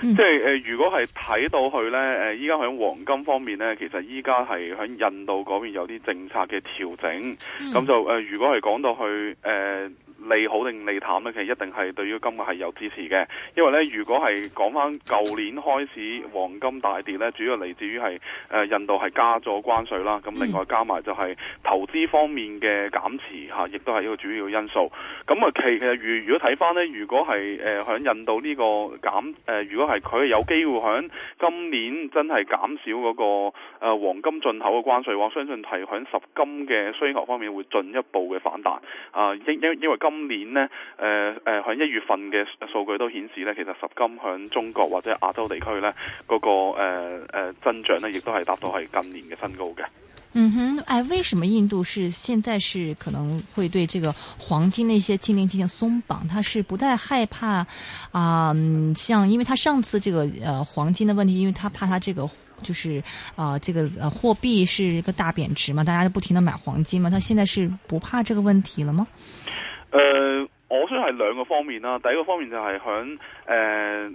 嗯、即係誒、呃，如果係睇到去咧，誒、呃，依家喺黃金方面咧，其實依家係喺印度嗰邊有啲政策嘅調整，咁、嗯、就誒、呃，如果係講到去誒。呃利好定利淡呢，其實一定係對於金價係有支持嘅。因為呢，如果係講翻舊年開始黃金大跌呢，主要嚟自於係誒、呃、印度係加咗關稅啦。咁另外加埋就係投資方面嘅減持吓，亦都係一個主要因素。咁啊，其其實如如果睇翻呢，如果係誒響印度呢個減誒、呃，如果係佢有機會響今年真係減少嗰、那個誒、呃、黃金進口嘅關稅嘅話，相信係響十金嘅需求方面會進一步嘅反彈啊！因因為今。今年咧，誒、呃、誒，喺、呃、一月份嘅數據都顯示咧，其實十金響中國或者亞洲地區咧，嗰個誒誒、呃呃、增長咧，亦都係達到係近年嘅新高嘅。嗯哼，哎，為什麼印度是現在是可能會對這個黃金那些禁令進行鬆綁？他是不太害怕啊，呃？像因為他上次這個誒、呃、黃金的問題，因為他怕他這個就是啊，呃，這個貨幣是一個大貶值嘛，大家就不停的買黃金嘛，他現在是不怕這個問題了嗎？誒、呃，我想係兩個方面啦，第一個方面就係響誒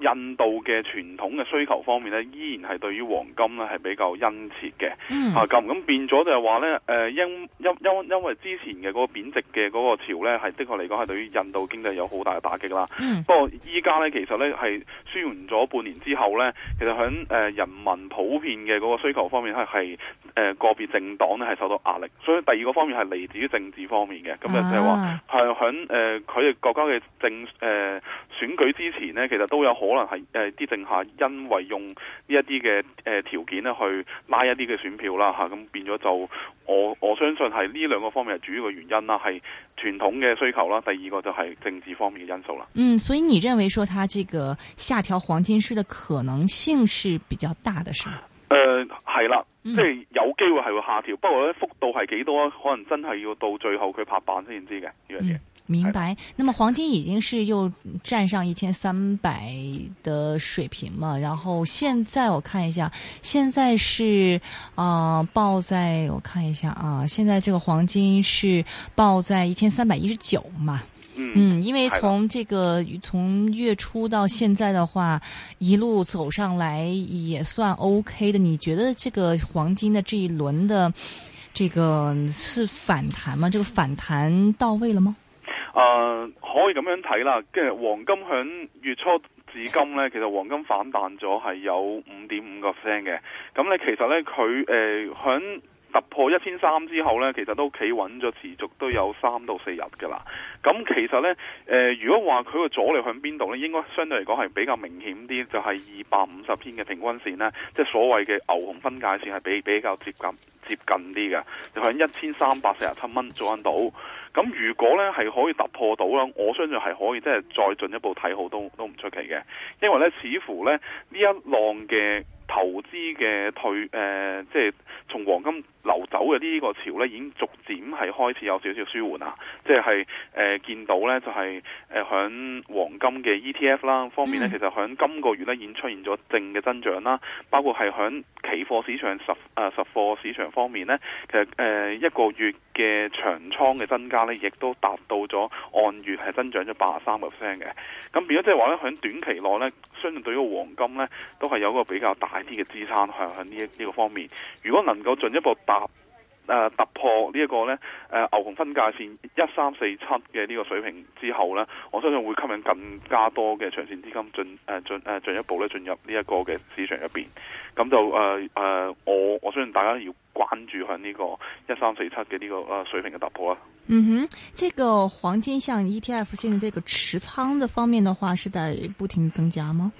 印度嘅傳統嘅需求方面呢依然係對於黃金咧係比較殷切嘅。嗯、啊咁，咁變咗就係話呢誒、呃、因因因因為之前嘅嗰個貶值嘅嗰個潮呢係的確嚟講係對於印度經濟有好大嘅打擊啦。嗯、不過依家呢其實呢係舒緩咗半年之後呢其實響誒、呃、人民普遍嘅嗰個需求方面咧係。是誒、呃，個別政黨咧係受到壓力，所以第二個方面係嚟自於政治方面嘅，咁啊即係話係響誒佢哋國家嘅政誒、呃、選舉之前呢其實都有可能係誒啲政客因為用呢一啲嘅誒條件咧去拉一啲嘅選票啦吓，咁、啊、變咗就我我相信係呢兩個方面係主要嘅原因啦，係傳統嘅需求啦，第二個就係政治方面嘅因素啦。嗯，所以你認為說他這個下調黃金稅的可能性是比較大的是嗎？誒、呃，係啦。即係有機會係會下調，不過咧幅度係幾多，可能真係要到最後佢拍板先知嘅呢樣嘢。明白。的那麼黃金已經是又佔上一千三百的水平嘛？然後現在我看一下，現在是啊、呃、報在我看一下啊，現在這個黃金是報在一千三百一十九嘛？嗯，因為從這個的從月初到現在的話，一路走上來也算 OK 的。你覺得這個黃金的這一輪的，這個是反彈嗎？這個反彈到位了嗎？誒、呃，可以咁樣睇啦，即係黃金響月初至今咧，其實黃金反彈咗係有五點五個 percent 嘅。咁咧其實咧佢誒響。他呃在突破一千三之後呢，其實都企穩咗持續都有三到四日噶啦。咁其實呢，呃、如果話佢個阻力喺邊度呢？應該相對嚟講係比較明顯啲，就係二百五十天嘅平均線呢。即係所謂嘅牛熊分界線係比比較接近接近啲嘅，就喺一千三百四十七蚊左右度。咁如果咧係可以突破到啦，我相信係可以即係、就是、再進一步睇好都都唔出奇嘅，因為咧似乎咧呢一浪嘅投資嘅退誒即係從黃金流走嘅呢個潮咧，已經逐漸係開始有少少舒緩啦。即係誒見到咧，就係誒響黃金嘅 ETF 啦方面咧，其實響今個月咧已經出現咗淨嘅增長啦。包括係響期貨市場實誒實貨市場方面咧，其實誒、呃、一個月嘅長倉嘅增加。亦都達到咗按月係增長咗八十三個 percent 嘅，咁變咗即係話咧，喺短期內咧，相信對於黃金咧都係有一個比較大啲嘅支撐，向喺呢一呢個方面。如果能夠進一步達誒、呃、突破這呢一個咧誒牛熊分界線一三四七嘅呢個水平之後咧，我相信會吸引更加多嘅長線資金進誒進誒進、進一步咧進入呢一個嘅市場入邊。咁就誒誒、呃呃，我我相信大家要關注喺呢個一三四七嘅呢個誒水平嘅突破啊！嗯哼，這個黃金像 ETF，現在這個持倉的方面的話，是在不停增加嗎？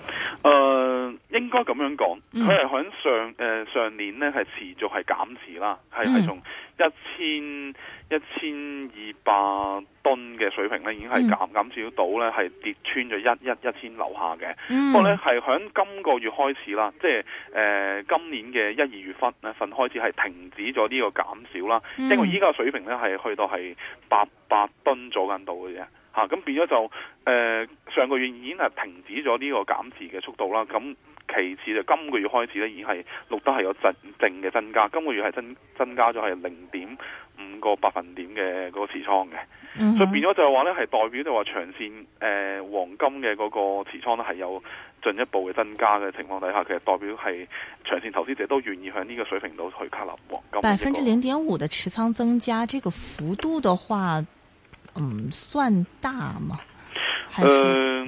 誒、呃，應該咁樣講，佢係響上誒、呃、上年呢，係持續係減持啦，係係、嗯、從一千一千二百噸嘅水平呢，已經係減減少到呢，係跌穿咗一一一千樓下嘅。不過呢，係響今個月開始啦，即係誒、呃、今年嘅一二月份呢，份開始係停止咗呢個減少啦，嗯、因為依家水平呢，係去到係。八百噸左緊度嘅啫，吓咁、啊、變咗就，誒、呃、上個月已經係停止咗呢個減持嘅速度啦，咁。其次就今個月開始咧，已經係錄得係有增淨嘅增加，今個月係增增加咗係零點五個百分點嘅嗰個持倉嘅，嗯、哼所以變咗就係話咧，係代表就話長線誒、呃、黃金嘅嗰個持倉咧係有進一步嘅增加嘅情況底下，其實代表係長線投資者都願意向呢個水平度去吸納黃金。百分之零點五嘅持倉增加，這個幅度的話，嗯，算大嗎？還是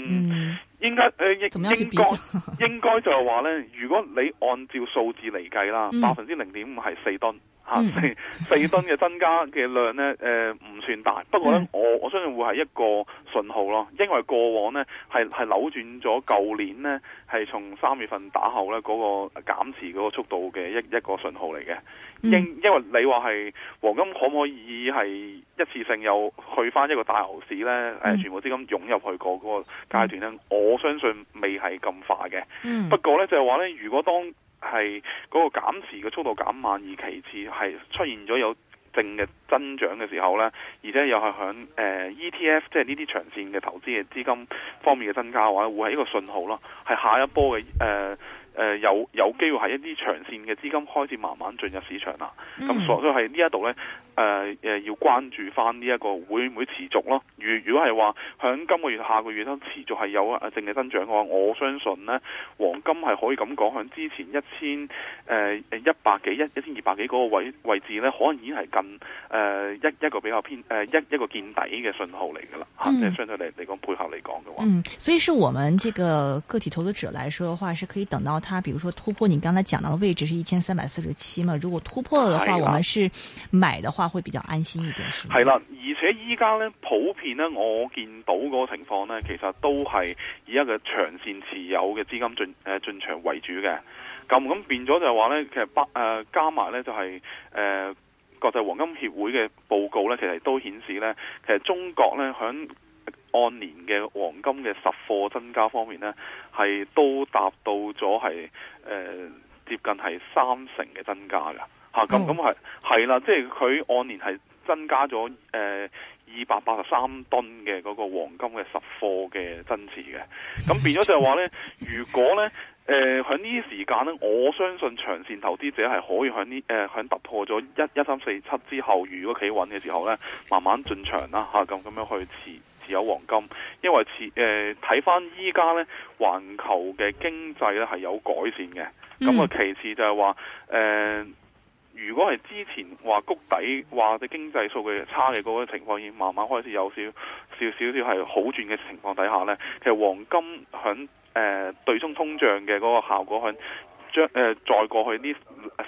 嗯？應該誒應、呃、應該 應該就係話咧，如果你按照數字嚟計啦， 嗯、百分之零點五係四噸。嗯、四噸嘅增加嘅量呢，誒、呃、唔算大。不過呢，嗯、我我相信會係一個信號咯，因為過往呢，係係扭轉咗舊年呢，係從三月份打後呢嗰、那個減持嗰個速度嘅一一個信號嚟嘅。嗯、因因為你話係黃金可唔可以係一次性又去翻一個大牛市呢？嗯、全部資金湧入去個嗰個階段呢，嗯、我相信未係咁快嘅。嗯、不過呢，就係、是、話呢，如果當係嗰個減持嘅速度減慢，而其次係出現咗有正嘅增長嘅時候呢，而且又係響誒 ETF 即係呢啲長線嘅投資嘅資金方面嘅增加嘅話，會係一個信號咯，係下一波嘅誒誒有有機會係一啲長線嘅資金開始慢慢進入市場啦。咁、嗯、所以係呢一度呢。誒誒、呃，要關注翻呢一個會唔會持續咯？如如果係話響今個月、下個月都持續係有啊淨嘅增長嘅話，我相信呢黃金係可以咁講，響之前一千誒誒、呃、一百幾一一千二百幾嗰個位位置呢，可能已經係近誒、呃、一一個比較偏誒、呃、一一個見底嘅信號嚟噶啦吓，嗯、即係相對嚟嚟講配合嚟講嘅話。嗯，所以是我們這個個體投資者來說嘅話，是可以等到他，比如說突破你剛才講到嘅位置是一千三百四十七嘛？如果突破嘅話，了我們是買嘅話。會比較安心一點，係啦，而且依家咧普遍咧，我見到嗰個情況咧，其實都係以一個長線持有嘅資金進誒、呃、進場為主嘅。咁咁變咗就係話咧，其實誒、呃、加埋咧就係、是、誒、呃、國際黃金協會嘅報告咧，其實都顯示咧，其實中國咧響按年嘅黃金嘅實貨增加方面咧，係都達到咗係誒接近係三成嘅增加噶。嚇，咁咁係係啦，即係佢按年係增加咗誒二百八十三噸嘅嗰個黃金嘅實貨嘅增持嘅，咁變咗就係話咧，如果咧誒喺呢、呃、時間咧，我相信長線投資者係可以喺呢誒喺突破咗一一三四七之後，如果企穩嘅時候咧，慢慢進場啦嚇，咁咁樣去持持有黃金，因為持誒睇翻依家咧，環、呃、球嘅經濟咧係有改善嘅，咁啊其次就係話誒。呃如果係之前話谷底話嘅經濟數據差嘅嗰個情況，已經慢慢開始有少少少少係好轉嘅情況底下咧，其實黃金響誒、呃、對沖通脹嘅嗰個效果響。將誒，再過去呢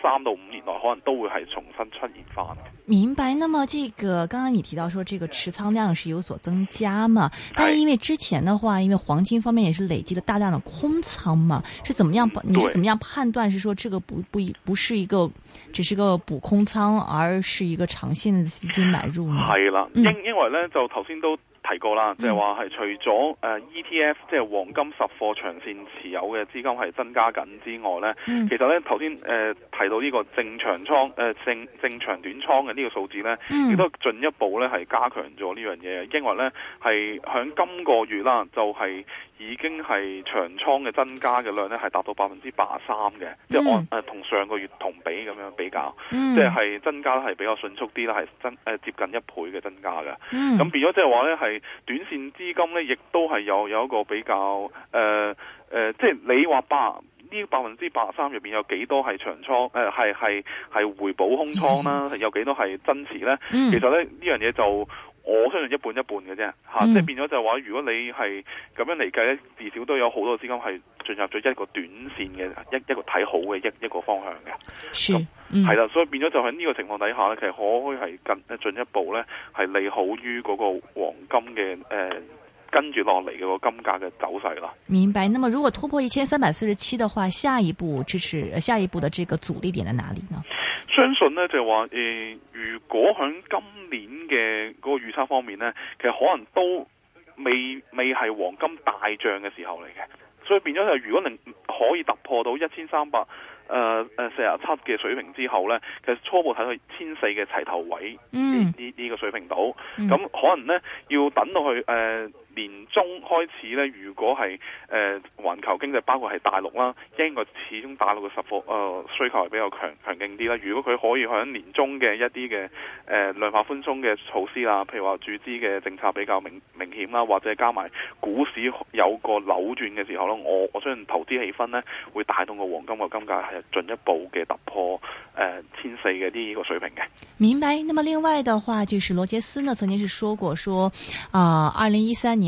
三到五年內，可能都會係重新出現翻。明白。那麼，這個剛剛你提到說，這個持倉量是有所增加嘛？對但是因為之前的話，因為黃金方面也是累積了大量的空倉嘛，是怎麼樣？你是怎麼樣判斷是說，這個不不一不是一個，只是個補空倉，而是一個長線的資金買入呢？係啦了，因、嗯、因為呢就頭先都。提過啦，即係話係除咗誒 ETF，即係黃金實貨長線持有嘅資金係增加緊之外咧，嗯、其實咧頭先誒提到呢個正長倉誒正正長短倉嘅呢個數字咧，亦、嗯、都進一步咧係加強咗呢樣嘢，因為咧係響今個月啦，就係、是。已經係長倉嘅增加嘅量咧，係達到百分之八十三嘅，嗯、即係按誒同上個月同比咁樣比較，嗯、即係增加都係比較迅速啲啦，係增誒接近一倍嘅增加嘅。咁、嗯、變咗即係話咧，係短線資金咧，亦都係有有一個比較誒誒、呃呃，即係你話百呢百分之八十三入邊有幾多係長倉？誒係係係回補空倉啦，嗯、有幾多係增持咧？嗯、其實咧呢樣嘢就。我相信一半一半嘅啫，即、啊、係、嗯、變咗就係、是、話，如果你係咁樣嚟計，咧，至少都有好多資金係進入咗一個短線嘅一一個睇好嘅一一個方向嘅，咁係啦，所以變咗就喺呢個情況底下咧，其實可可以係更進一步咧，係利好於嗰個黃金嘅誒。呃跟住落嚟嘅個金價嘅走勢啦。明白。那麼如果突破一千三百四十七嘅話，下一步就是下一步的這個阻力點在哪裏呢？相信呢就係話誒、呃，如果喺今年嘅嗰個預測方面呢，其實可能都未未係黃金大漲嘅時候嚟嘅。所以變咗就，如果能可以突破到一千三百誒誒四十七嘅水平之後呢，其實初步睇到千四嘅齊頭位，嗯，呢呢個水平度，咁、嗯嗯、可能呢要等到去誒。呃年中開始咧，如果係誒環球經濟包括係大陸啦，英國始終大陸嘅實貨誒需求係比較強強勁啲啦。如果佢可以喺年中嘅一啲嘅誒量化寬鬆嘅措施啊，譬如話注資嘅政策比較明明顯啦，或者加埋股市有個扭轉嘅時候咯，我我相信投資氣氛咧會帶動個黃金個金價係進一步嘅突破誒、呃、千四嘅呢個水平嘅。明白。那麼另外嘅話，就是羅傑斯呢曾經是說過說，說、呃、啊，二零一三年。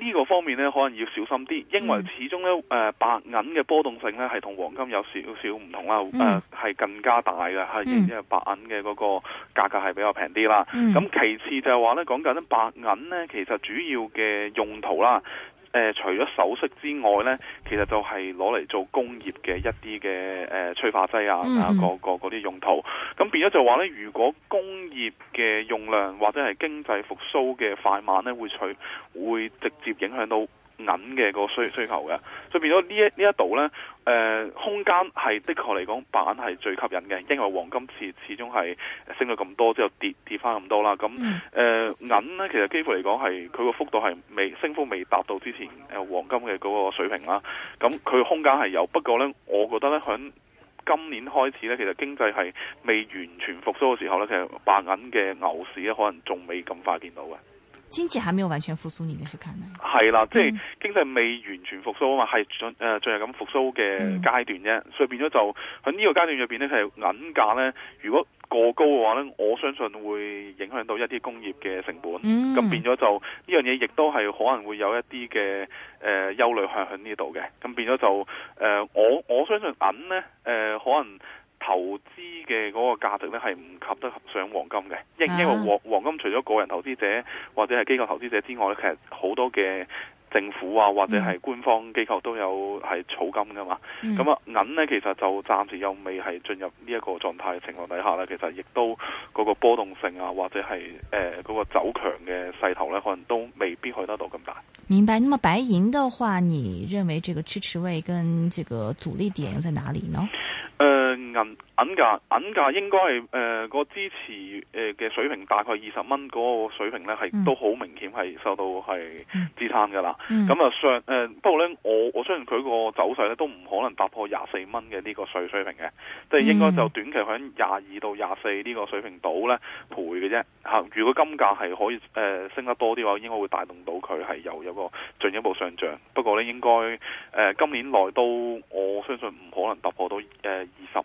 呢個方面咧，可能要小心啲，因為始終咧、呃，白銀嘅波動性咧係同黃金有少少唔同啦，誒係、嗯呃、更加大嘅㗎，因為、嗯、白銀嘅嗰個價格係比較平啲啦。咁、嗯、其次就係話咧，講緊白銀咧，其實主要嘅用途啦。呃、除咗首飾之外呢，其實就係攞嚟做工業嘅一啲嘅誒催化劑啊，嗯、啊，嗰個啲用途，咁變咗就話呢，如果工業嘅用量或者係經濟復甦嘅快慢呢，會取會直接影響到。銀嘅個需需求嘅，所以變咗呢一呢一度呢，誒、呃，空間係的確嚟講，白銀係最吸引嘅，因為黃金始始終係升咗咁多之後跌跌翻咁多啦，咁誒銀咧其實幾乎嚟講係佢個幅度係未升幅未達到之前誒黃金嘅嗰個水平啦，咁佢空間係有，不過呢，我覺得呢，響今年開始呢，其實經濟係未完全復甦嘅時候呢，其實白銀嘅牛市呢，可能仲未咁快見到嘅。經濟還沒有完全復甦，你的呢？是看能係啦，即、就、係、是、經濟未完全復甦啊嘛，係進誒進入咁復甦嘅階段啫，嗯、所以變咗就喺呢個階段入邊咧，係銀價咧如果過高嘅話咧，我相信會影響到一啲工業嘅成本，咁、嗯、變咗就呢樣嘢亦都係可能會有一啲嘅誒憂慮向喺呢度嘅，咁、呃、變咗就誒、呃、我我相信銀咧誒、呃、可能。投資嘅嗰個價值咧係唔及得上黃金嘅，因因為黃黃金除咗個人投資者或者係機構投資者之外咧，其實好多嘅。政府啊，或者係官方機構都有係儲金噶嘛。咁啊、嗯、銀呢，其實就暫時又未係進入呢一個狀態情況底下咧，其實亦都嗰個波動性啊，或者係誒嗰個走強嘅勢頭呢，可能都未必去得到咁大。明白。那麼白銀的話，你認為這個支持位跟這個阻力點又在哪裏呢？誒、呃、銀。銀價銀價應該係誒、呃，那個支持誒嘅水平，大概二十蚊嗰個水平咧，係、嗯、都好明顯係受到係支撐噶啦。咁啊、嗯、上誒、呃、不過咧，我我相信佢個走勢咧都唔可能突破廿四蚊嘅呢個水水平嘅，即、就、係、是、應該就短期喺廿二到廿四呢個水平度咧賠嘅啫嚇。如果金價係可以誒、呃、升得多啲嘅話，應該會帶動到佢係有有一個進一步上漲。不過咧，應該誒、呃、今年內都我相信唔可能突破到誒二十。呃